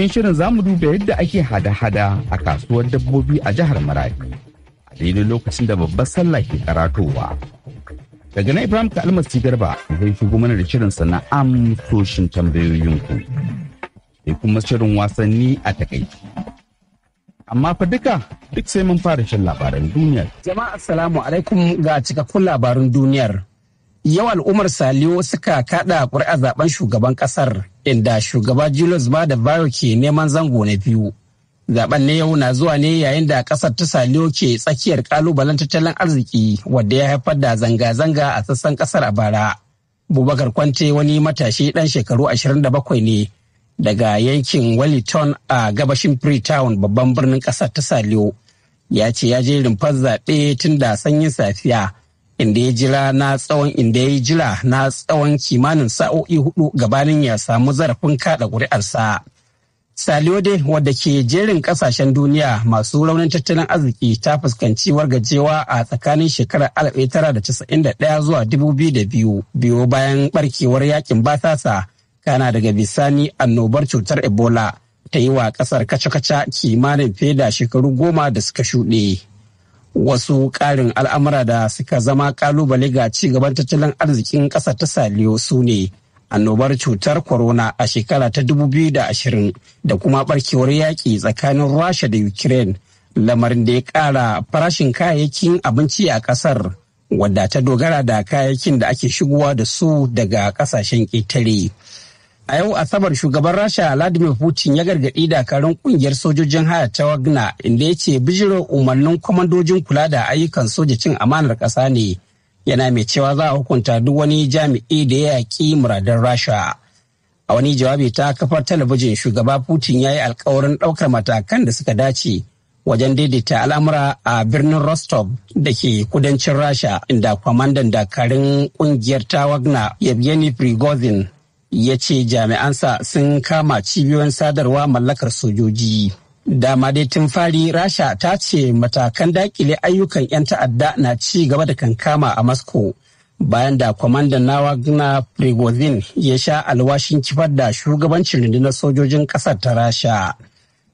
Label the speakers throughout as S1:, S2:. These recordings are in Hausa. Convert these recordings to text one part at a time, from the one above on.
S1: cikin shirin zamu duba yadda ake hada-hada a kasuwar dabbobi a jihar Maradi. A daidai lokacin da babbar sallah ke karatowa. Daga na Ibrahim ka almasi garba zai shigo mana da shirin na tambayoyin ku. Sai kuma shirin wasanni a takaici. Amma fa duka duk sai mun fara shan labaran
S2: duniyar. Jama'a assalamu alaikum ga cikakkun labaran duniyar. yau al'ummar saliyo suka kada ƙuri'a zaben shugaban ƙasar inda shugaba julius da bayo ke neman zango na biyu zaben na yau na zuwa ne yayin da ƙasar ta saliyo ke tsakiyar ƙalubalen tattalin arziki wadda ya haifar da zanga-zanga a sassan ƙasar a bara bubakar kwante wani matashi ɗan shekaru ashirin da 27 ne daga yankin wellington a gabashin freetown babban birnin ƙasar ta saliyo ya ce ya je rumfar zaɓe tun da sanyin safiya inda ya jira na tsawon inda ya jira na tsawon kimanin sa'o'i hudu gabanin ya samu zarafin kada ƙuri'arsa. Saliode wadda ke jerin ƙasashen duniya masu raunin tattalin arziki ta fuskanci wargajewa a tsakanin shekarar 1991 zuwa biyu, biyo bayan barkewar yakin basasa kana daga bisani annobar cutar Ebola ta yi wa ƙasar kaca-kaca kimanin fiye da shekaru goma da suka shuɗe. wasu ƙarin al'amura da suka zama kalubale ga ci gaban tattalin arzikin ƙasa ta saliyo su ne annobar cutar corona a shekara ta 2020 da kuma barkewar yaƙi tsakanin rasha da ukraine lamarin da ya ƙara farashin kayayyakin abinci a ƙasar wadda ta dogara da kayayyakin da ake shigowa da su daga ƙasashen ƙetare. A yau Asabar shugaban Rasha Vladimir Putin ya gargaɗi dakarun ƙungiyar sojojin haya ta Wagner inda ya ce bijiro umarnin kwamandojin kula da ayyukan soja cin amanar ƙasa ne yana mai cewa za a hukunta duk wani jami'i da ya yaƙi muradin Rasha. A wani jawabi ta kafar talabijin shugaba Putin ya yi alkawarin ɗaukar matakan da suka dace wajen daidaita al'amura a birnin Rostov da ke kudancin Rasha inda kwamandan dakarun ƙungiyar ta Wagner Yevgeny Prigozhin ya ce jami'ansa sun kama cibiyoyin sadarwa mallakar sojoji. Dama dai tun fari Rasha ta ce matakan dakile ayyukan 'yan ta'adda na ci gaba da kankama a Moscow bayan da kwamandan na Wagner Prigozhin ya sha alwashin kifar da shugabancin rundunar sojojin ƙasar ta Rasha.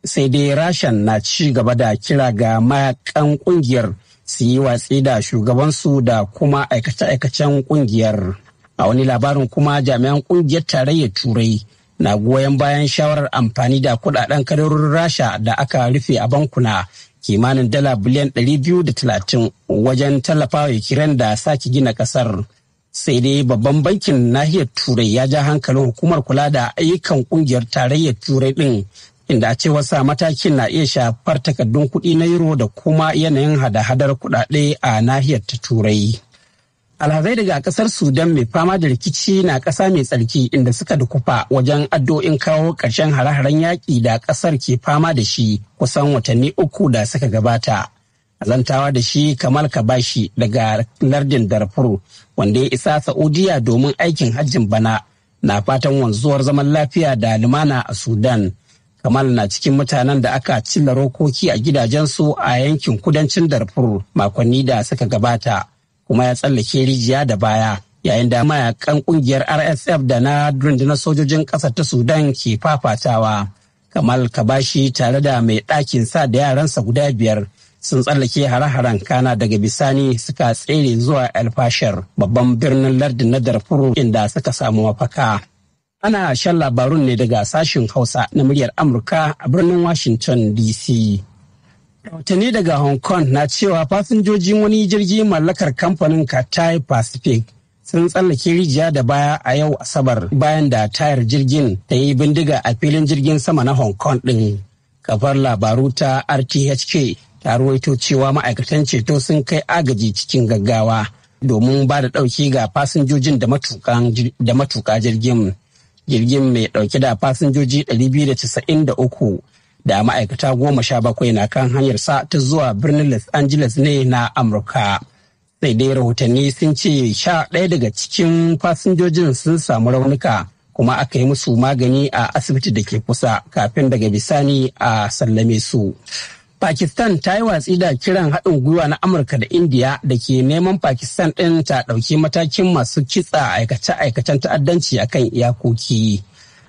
S2: Sai dai Rashan na ci gaba da kira ga mayakan ƙungiyar su yi watsi da shugabansu da kuma aikace-aikacen ƙungiyar. a wani labarin kuma jami'an kungiyar tarayyar turai na goyon bayan shawarar amfani da kudaden kadarorin rasha da aka rufe a bankuna kimanin dala biliyan biyu da talatin, wajen tallafawa kiran da sake gina kasar sai dai babban bankin nahiyar turai ya ja hankalin hukumar kula da ayyukan kungiyar tarayyar turai din inda a wasa matakin na iya shafar takardun kuɗi na euro da kuma yanayin hada-hadar kuɗaɗe a nahiyar turai alhazai daga kasar sudan mai fama da rikici na kasa mai tsarki inda suka dukufa wajen addo'in kawo ƙarshen hare-haren yaƙi da kasar ke fama da shi kusan watanni uku da suka gabata azantawa da shi kamal kabashi daga lardin darfur wanda ya isa saudiya domin aikin hajjin bana na fatan wanzuwar zaman lafiya da lumana a sudan kamal na cikin mutanen da aka cilla rokoki a gidajensu a yankin kudancin darfur makonni da suka gabata kuma ya tsallake rijiya da baya yayin da mayakan kungiyar rsf da na rundunar sojojin ƙasa ta sudan ke fafatawa kamal kabashi tare da mai ɗakin sa da yaransa guda biyar sun tsallake hare-haren kana daga bisani suka tsere zuwa alfashar babban birnin lardin na darfur inda suka samu mafaka ana shan labarun ne daga sashen hausa na muryar amurka a birnin washington dc Rautani daga Hong Kong na cewa fasinjojin wani jirgi mallakar kamfanin Cathay Pacific sun tsallake rijiya da baya a yau Asabar bayan da tayar jirgin ta yi bindiga a filin jirgin sama na Hong Kong ɗin. Kafar labaru ta RTHK ta ruwaito cewa ma'aikatan ceto sun kai agaji cikin gaggawa domin ba da ɗauki ga fasinjojin da matuka jirgin. Jirgin mai ɗauke da fasinjoji 293 da ma'aikata goma sha bakwai na kan hanyar sa ta zuwa birnin Los Angeles ne na Amurka. Sai dai rahotanni sun ce sha ɗaya daga cikin fasinjojin sun samu raunuka kuma aka yi musu magani a asibiti da ke kusa kafin daga bisani a sallame su. Pakistan ta yi watsi da kiran haɗin gwiwa na Amurka da Indiya da ke neman Pakistan ɗin ta ɗauki matakin masu kitsa aikace-aikacen ta'addanci akan iyakoki.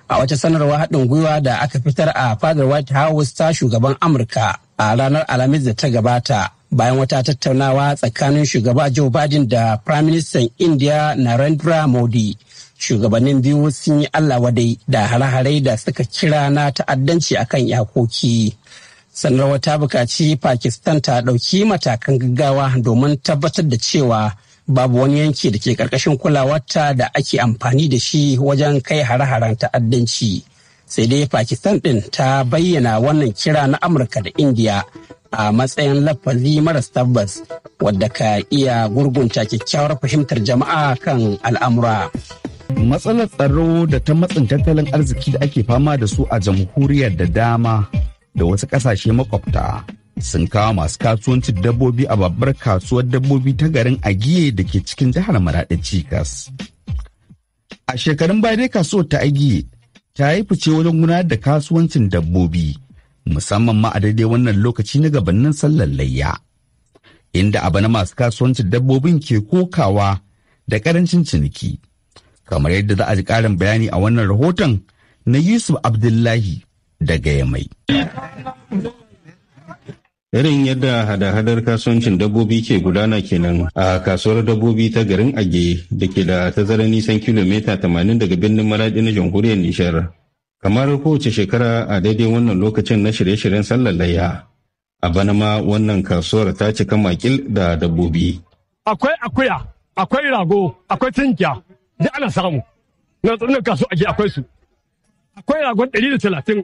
S2: a wata sanarwa haɗin gwiwa da aka fitar a fadar white house ta shugaban amurka a ranar alhamis da ta gabata bayan wata tattaunawa tsakanin shugaba joe biden da prime minister india narendra modi shugabannin biyu sun yi allah wadai da hare-hare da suka kira na ta'addanci akan yakoki sanarwa ta bukaci pakistan ta ɗauki matakan gaggawa domin tabbatar da cewa babu wani yanki da ke ƙarƙashin kulawarta da ake amfani da shi wajen kai hare-haren ta'addanci. Sai dai Pakistan ɗin ta bayyana wannan kira na Amurka da Indiya a matsayin lafazi maras tabbas wadda ka iya gurgunta kyakkyawar fahimtar jama'a kan al'amura. Matsalar tsaro da ta matsin tattalin arziki da ake fama da su a jamhuriyar
S1: da dama da wasu ƙasashe makwabta sun kawo masu kasuwancin dabbobi a babbar kasuwar dabbobi ta garin agiye da ke cikin jihar maraɗa cikas a shekarun baya dai kasuwar ta agiye ta yi fice wajen gudanar da kasuwancin dabbobi musamman ma a daidai wannan lokaci na gabanin sallar layya inda abu na masu kasuwancin dabbobin ke kokawa da karancin ciniki kamar yadda za a ji karin bayani a wannan rahoton na yusuf abdullahi daga yamai Irin yadda hada-hadar kasuwancin
S3: dabbobi ke gudana kenan a kasuwar dabbobi ta garin Age da ke da tazarar nisan kilomita 80 daga birnin Maradi na jamhuriyar Nishar. Kamar kowace shekara a daidai wannan lokacin na shirye-shiryen sallar layya. A bana ma wannan kasuwar ta cika makil da dabbobi.
S4: Akwai akuya, akwai rago, akwai tinkiya, duk ana samu. Na tsarnin kasuwa ake akwai su. Akwai ragon 130,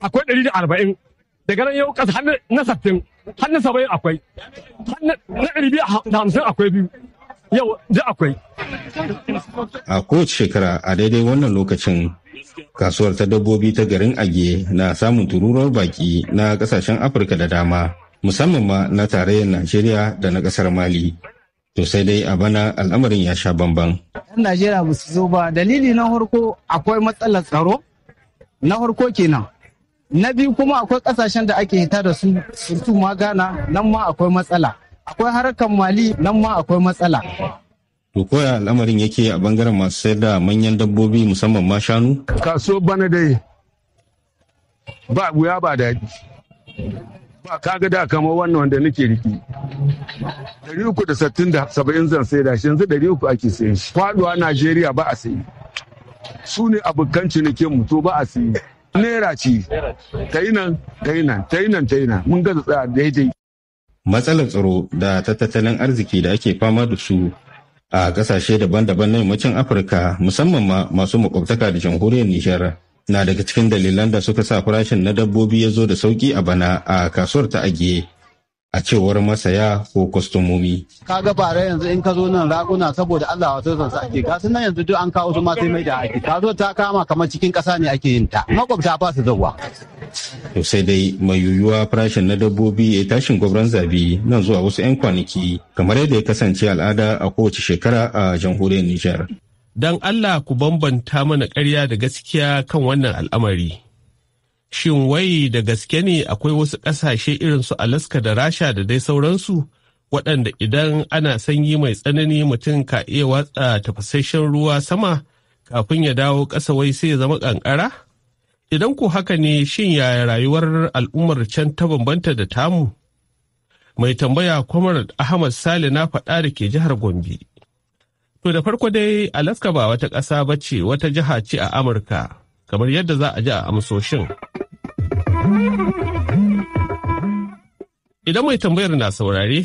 S4: akwai 140, daga nan yau ƙasa har na sattin har na akwai
S5: har na ɗari da hamsin akwai biyu yau da akwai.
S3: A kowace shekara a daidai wannan lokacin kasuwar ta dabbobi ta garin Age na samun tururuwar baki na kasashen Afirka da dama musamman ma na tarayyar Najeriya da na kasar Mali. To sai dai a bana al'amarin ya sha bamban.
S1: Yan Najeriya ba su zo ba dalili na harko akwai matsalar tsaro na harko kenan. na biyu kuma akwai kasashen da ake hita da su surtu ma gana, nan ma akwai matsala akwai harkar mali nan ma akwai matsala
S3: to koya al'amarin yake a bangaren masu sayar da manyan dabbobi musamman ma shanu
S1: kaso bana dai ba wuya ba daɗi ba kaga da kama wannan wanda nake riki dari uku da sattin da saba'in zan sai da shi yanzu dari uku ake shi. faduwa najeriya ba a sayi su ne abokan cinikin mu to ba a sayi naira ce ta yi nan ta yi nan ta yi nan ta yi nan mun gaza tsaya daidai. matsalar tsaro
S3: da ta tattalin arziki da ake fama da su a kasashe daban-daban na yammacin afirka musamman ma masu makwabtaka da jamhuriyar nijar na daga cikin dalilan da suka sa farashin na dabbobi ya zo da sauki a bana a kasuwar ta agiye a cewar masaya ko kwastomomi.
S4: ga fara yanzu in ka zo nan raguna saboda Allah wato san sa ake gasu nan yanzu duk an kawo su mata sai mai da ake
S3: ta zo ta kama kamar cikin ƙasa ne ake yin ta makwabta ba su zauwa. To sai dai mai yiwuwa farashin na dabbobi ya tashin gwabran zabi nan zuwa wasu 'yan kwanaki kamar yadda ya kasance al'ada a kowace shekara a jamhuriyar Nijar.
S4: dan Allah ku bambanta mana karya da gaskiya kan wannan al'amari. Shin wai da gaske ne akwai wasu ƙasashe irin su Alaska da Rasha da dai sauransu waɗanda idan ana sanyi mai tsanani mutum ka iya watsa tafasasshen ruwa sama kafin ya dawo ƙasa wai sai ya zama ƙanƙara? Idan ko haka ne shin yaya rayuwar al'ummar can ta bambanta da tamu? Mai tambaya Kwamar Ahmad Sale na faɗa da ke jihar Gombe. To da farko dai Alaska ba wata ƙasa ba ce wata jiha ce a Amurka. kamar yadda za a ji a amsoshin. Idan mai tambayar na saurare,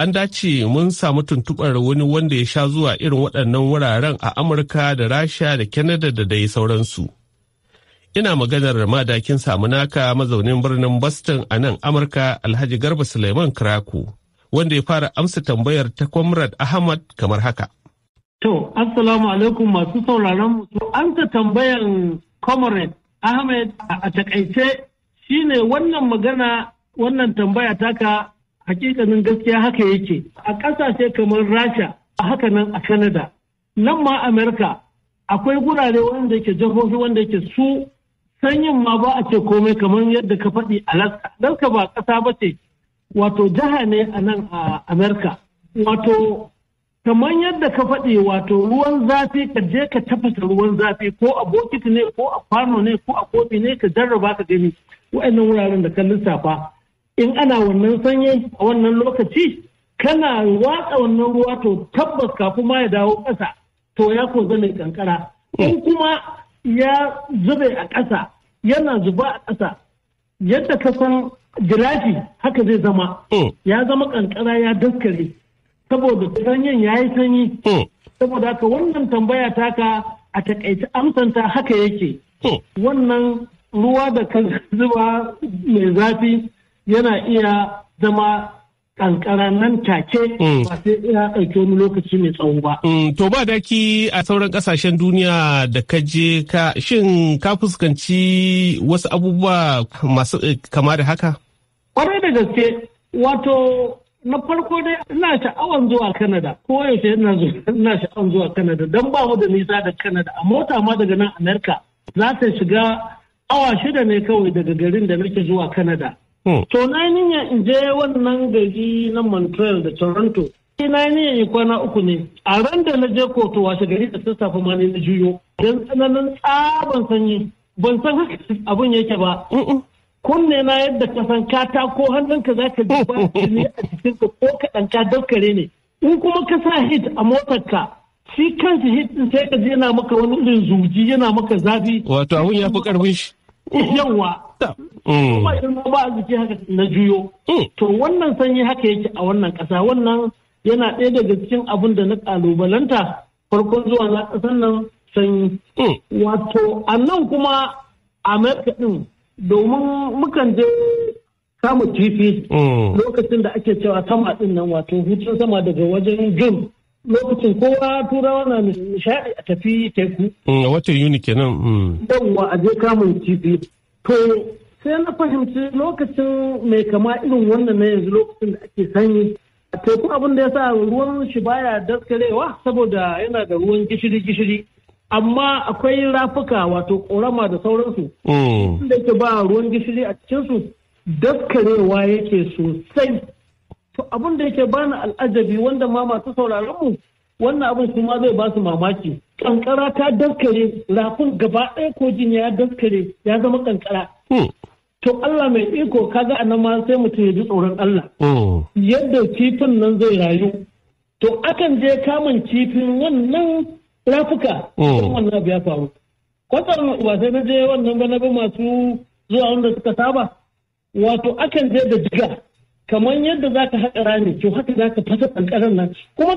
S4: an dace mun samu tuntuɓar wani wanda ya sha zuwa irin waɗannan wuraren a Amurka da Rasha da Canada da dai sauransu. Ina maganar madakin samunaka mazaunin birnin Boston a nan Amurka Alhaji Garba Suleiman Krako, wanda ya fara amsa tambayar ta Comrade Ahmad kamar haka.
S5: To, Assalamu alaikum masu sauraron mutu, an tambayan comrade ahmed a takaice ne wannan magana wannan tambaya taka hakikanin gaskiya haka yake a ƙasashe kamar rasha a haka nan a canada nan ma amerika akwai gurare wanda ke jahohi wanda ke su sanyin ma ba a ce komai kamar yadda ka faɗi alaska alaska ba ƙasa ba ce wato jiha ne a nan a amerika wato kamar yadda ka faɗi wato ruwan zafi ka je ka tafasa ruwan zafi ko a bokiti ne ko a kwano ne ko a kofi ne ka jarraba ka gani wa'annan wuraren da ka lissafa in ana wannan sanyi a wannan lokaci kana watsa wannan ruwa to tabbas kafin ma ya dawo ƙasa to ya ko zane kankara in kuma ya zube a ƙasa yana zuba a ƙasa yadda ka san gilashi haka zai zama hmm. ya zama kankara ya daskare saboda sanyin ya yi sanyi hmm. saboda haka wannan tambaya taka a takaice amsanta haka yake hmm. wannan ruwa da kan zuba mai zafi yana iya zama ƙanƙara nan take hmm. ba sai ya ɗauki wani lokaci mai tsawo ba. To ba
S4: daki a sauran ƙasashen duniya da ka je ka shin ka fuskanci wasu abubuwa masu eh, kama da haka?
S5: Kwarai da gaske wato na farko dai ina sha'awar zuwa kanada ko yaushe ina ina sha'awan zuwa kanada dan ba mu da nisa da kanada a mota ma daga nan America za ta shiga awa shida ne kawai daga garin da nake zuwa kanada. Hmm. to na niyya in je wannan gari na Montreal da Toronto na niyya in kwana uku ne a ran da na je kotu washe gari da sassafe ma ne na juyo dan tsananin tsaban sanyi ban san haka abin yake ba kunne na yadda ka san katako hannunka za ka ji ne a cikin ka ko kaɗan ka daukare ne in kuma ka sa hit a ka shi kansa hit din sai ka yana maka wani irin zuji yana maka zafi wato abun ya fi karfin shi yawa kuma mm. in ba a arziki haka na juyo mm. to wannan sanyi haka yake a wannan kasa wannan yana ɗaya daga cikin abin da na kalubalanta farkon zuwa na ƙasar nan sanyi mm. wato a nan kuma amerika din. domin mukan je kama kifi mm. lokacin da ake cewa sama din nan wato hutun sama daga wajen jun lokacin kowa turawa na nishadi a tafi teku.
S4: Mm, watan yuni kenan. Mm.
S5: yawwa a je kamun kifi to sai na fahimci lokacin mai kama irin wannan na yanzu lokacin da ake sanyi teku abin da ya sa ruwan shi baya daskarewa saboda yana da ruwan gishiri gishiri amma akwai rafuka wato korama da sauransu mm. da ke ba ruwan gishiri a cikinsu daskarewa yake sosai to abin da yake bani al'ajabi wanda ma masu sauraron mu wannan abin su ma zai basu mamaki kankara ta daskare rafin gaba ɗaya kogin ya daskare ya zama kankara mm. to Allah mai iko kaga a nan ma sai mutum ya ji tsoron Allah mm. yadda kifin nan zai rayu to akan je kamun kifin wannan rafuka mm. wannan abu ya faru kwatsar wasai na je wannan ba na bi masu zuwa wanda suka saba wato akan je da jiga kamar yadda za ka haɗa rami to haka za ka fasa ƙanƙarar nan kuma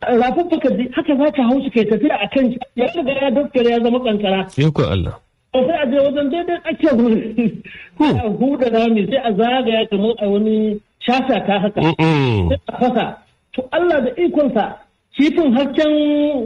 S5: rafuffuka haka za ka hau su kai tafiya a kan ya riga ya daskare ya zama ƙanƙara.
S4: Yako Allah.
S5: sai a je wajen daidai ake wuri hmm. a huda rami sai a zagaya kamar a wani shata ta haka sai a fasa to Allah da ikonsa kifin hasken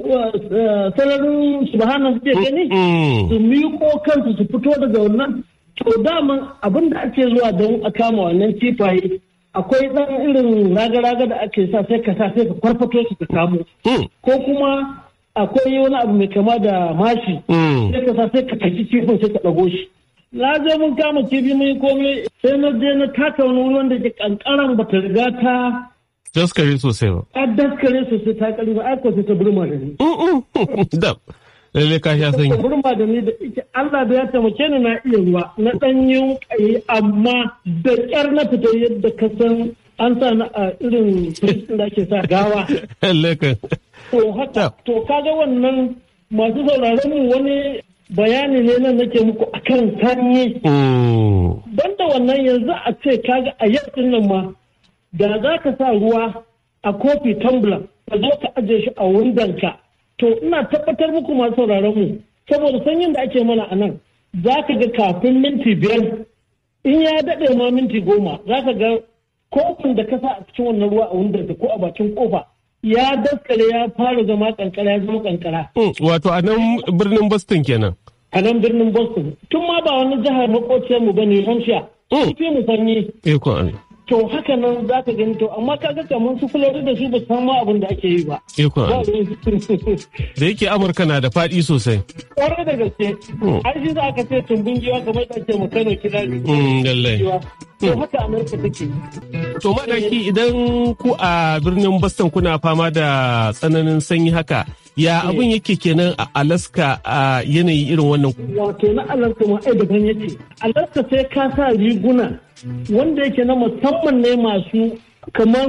S5: uh, uh, sararin subhana suke gani mm. su miko kansu su fito daga wannan to dama abin da ake zuwa don a kama wannan kifaye akwai ɗan irin raga-raga da ake sa sai ka sa sai ka kwarfato su ka samu mm. ko kuma akwai wani abu mai kama da mashi mm. sai ka sa sai ka kaki kifin sai ka dago shi na je mun kama kifi mun komai sai na je na taka wani ruwan da ke kankaran bata riga ta
S4: daskare sosai ba.
S5: A daskare sosai ta kari ba, aiko sai ta burma da ni. Da,
S4: lalle ka sha sanyi. Ta
S5: burma da ni da ita Allah da ya taimake ni na iya ruwa, na ɗan yi amma da ƙyar na fita yadda ka san an sa na a irin turistin da ake sa gawa. Lalle To haka, to kaga wannan masu sauraron mu wani bayani ne nan nake muku akan sanyi.
S6: Mm.
S5: Banda wannan yanzu a ce kaga a yau nan ma da za ka sa ruwa a kofi tumbler ka zo ka ajiye shi a windonka to ina tabbatar muku masu sauraron mu saboda sanyin da ake mana a nan za ka ga kafin minti biyar in ya daɗe ma minti goma za ka ga kofin da ka sa a cikin wannan ruwa a windonka ko a bakin kofa ya daskare ya fara zama kankara ya zama kankara. Mm,
S4: wato a nan birnin boston kenan.
S5: a nan birnin boston tun ma ba wani jihar makociyar ba ne, hampshire. Ifi mm. mu
S4: sanyi.
S5: to haka nan za ka gani to amma ka ga kamar su kula da su ba san ma abin da ake yi ba eh
S4: da yake amurka na da faɗi sosai
S5: kwarai da gaske hmm. an shi za ka ce tumbin giwa kamar da ake makano kira hmm, to hmm. haka amurka take to madaki idan ku
S4: a birnin boston kuna fama da tsananin sanyi haka ya eh. abin yake kenan a alaska a yanayi irin wannan
S5: wato na alaska ma ai daban yake alaska sai ka sa riguna wanda yake na musamman ne masu kamar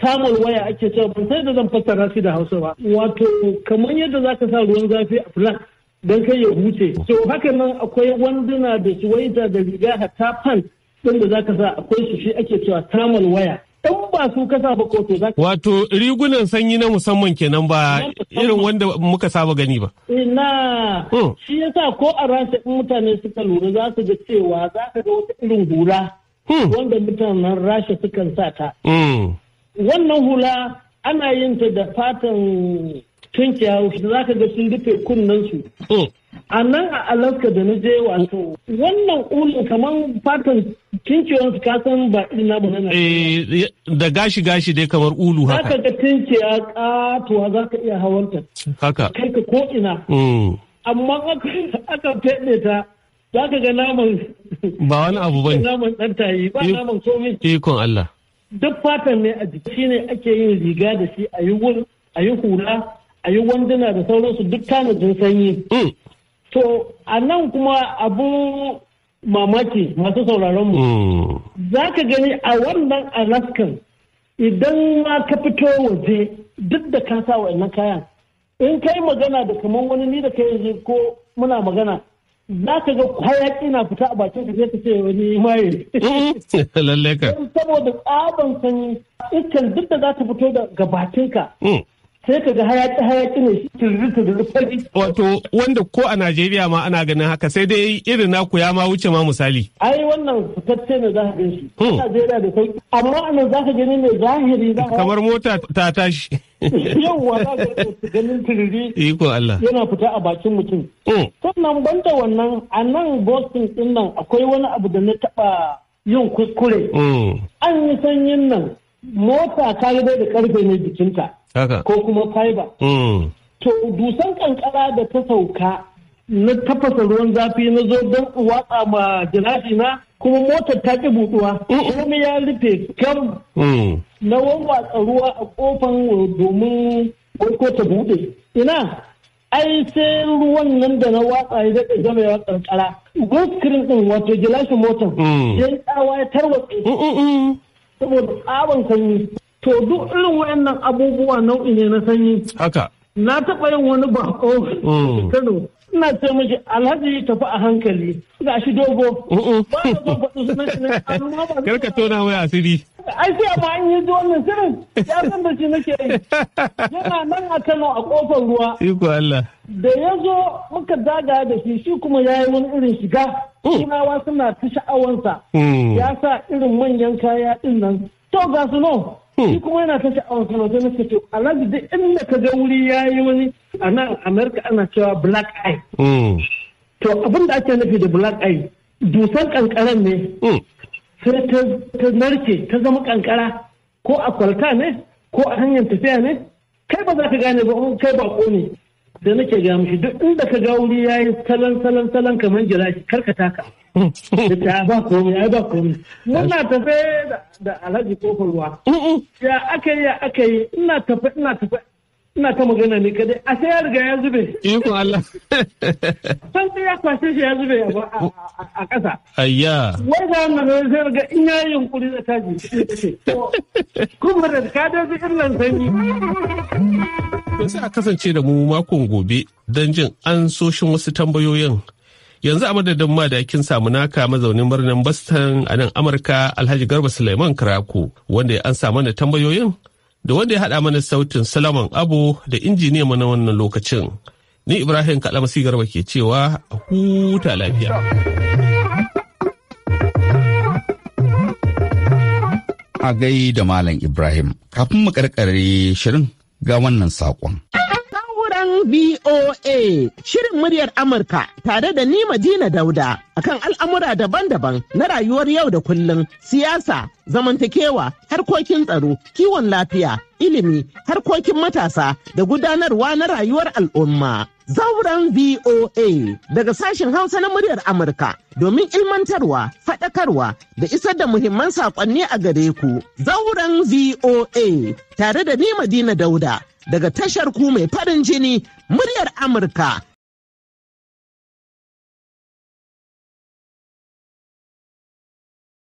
S5: tamar waya ake cewa ban sai da zan fasa shi da hausa ba wato kamar yadda za ka sa ruwan zafi a flask don kai ya huce so haka nan akwai wanduna da suwaita da riga ta fan din da za ka sa akwai su shi ake cewa tamar waya in ba su sa ba to za
S4: Wato rigunan sanyi na musamman kenan ba irin wanda muka saba gani ba.
S5: Ina hmm. shi yasa ko a rasa in mutane suka lura za su ga cewa za ka ga wata irin hura Hmm. wanda mutanen rasha sukan sa ta hmm. wannan hula ana yin ta da fatan tunkiya za ka ga sun rufe kunnensu hmm. a nan a alaska da na je wato wannan ulin kamar fatan tunkiyansu ka san ba ina ba na
S4: eh, da gashi gashi dai kamar ulu haka za ka ga
S5: tunkiya katuwa za ka iya hawanta haka kai ka ko ina amma aka feɗe ta za ka ga naman
S4: ba wani abu
S5: naman dan tayi ba naman komai
S4: ikon Allah
S5: duk fatan ne a jiki ne ake yin riga da shi a yi wur a yi hula a yi wanduna da sauransu duk tanadin sanyi mm. to a nan kuma abu mamaki masu sauraron mu mm. za ka gani a wannan alaskan idan ma ka fito waje duk da ka sa wa'annan kayan in kai magana da kamar wani ni da kai yanzu ko muna magana za ka ga hayaki na fita a bakin ka sai ka ce wani maye. Mm-hmm. Lalle ka. Saboda tsaban sanyi iskan duk da za ta fito daga bakin ka. Mm. Sai ka ga hayaki hayaki ne tururi fari.
S4: Wato wanda ko a Najeriya ma ana ganin haka sai dai irin naku ya ma wuce ma misali.
S5: Ai wannan fitacce ne za ka gan shi. Mm. Najeriya da sauki. Amma a nan za ka gani mai zahiri za Kamar
S4: mota ta tashi. yawwa za ka ganin tururi yana
S5: fita a bakin mutum sannan banta wannan a nan boston din nan akwai wani abu da na taba yin kuskure mm. an yi sanyin nan mota ta yi da karfe ne jikinta ko kuma fiber mm. to dusan kankara da ta sauka na tafasa ruwan zafi na zo don watsa ma gilashi na kuma motar ta ƙi buɗuwa Kuma ya rufe kam mm. na wawwatsa ruwa a kofan domin ko ta buɗe ina ai sai ruwan nan da na watsa ya daɗe zama ya Go-screen ɗin wato gilashin motar mm. sai tsawa ya tarwatse mm, saboda tsawon sanyi to duk irin wayannan abubuwa nau'i ne na sanyi haka na taɓa yin wani bako Kano ina ce miki alhaji tafi a hankali ga shi dogo uh-uh. ba na so faɗi sunan shi kar ka tona mai asiri ai sai amma an yi wannan sirin ya san da shi nake yi yana nan a Kano a kofar ruwa
S4: iko Allah
S5: da ya zo muka daga da shi shi kuma ya yi wani irin shiga sunawa mm. suna ta sha'awansa mm. ya sa irin manyan kaya din nan to ga su no mm. shi kuma yana ta sha'awansa na sai na ce to alhaji duk inda ka ga wuri ya yi wani a nan america ana cewa black eye hmm. to abin da ake nufi da black eye dusar kankaran ne hmm. sai ta narke ta zama kankara ko a kwalta ne ko a hanyar tafiya ne kai ba za ka gane ba kai ba ko ne da nake ga mushi duk inda ka ga wuri yayi salon salon salon kamar jira shi karkata ka da ta hmm. ba komai ai ba komai muna tafe da alhaji kofar ruwa ya aka yi ya aka yi ina tafe ina tafe ina ta magana ne kadai a sai ya riga ya zube Iko Allah san sai ya kwashe shi ya zube a ƙasa ayya wai ga wannan sai riga in ya yi yunkuri da taji kuma da ka da irin sanyi
S4: to sai a kasance da mu makon gobe don jin an soshin wasu tambayoyin yanzu a madadin samu naka mazaunin birnin Boston a nan Amurka Alhaji Garba Suleiman Karako wanda an samu da tambayoyin da wanda ya haɗa mana sautin Salaman Abu da injiniya mana wannan lokacin. Ni
S1: Ibrahim Kalamasi Garba ke cewa a huta lafiya. A gai da Malam Ibrahim, kafin mu karkare shirin ga wannan saƙon.
S2: Taron BOA, Shirin muryar Amurka tare da ni Madina Dauda akan al'amura daban-daban na rayuwar yau da kullum, siyasa, zamantakewa, harkokin tsaro, kiwon lafiya, ilimi, harkokin matasa da gudanarwa na rayuwar al'umma. zauren VOA daga sashen Hausa na muryar Amurka domin ilmantarwa, faɗakarwa da isar da muhimman saƙonni a gare ku. Zauren VOA tare da ni Madina Dauda daga tashar ku mai farin jini muryar Amurka.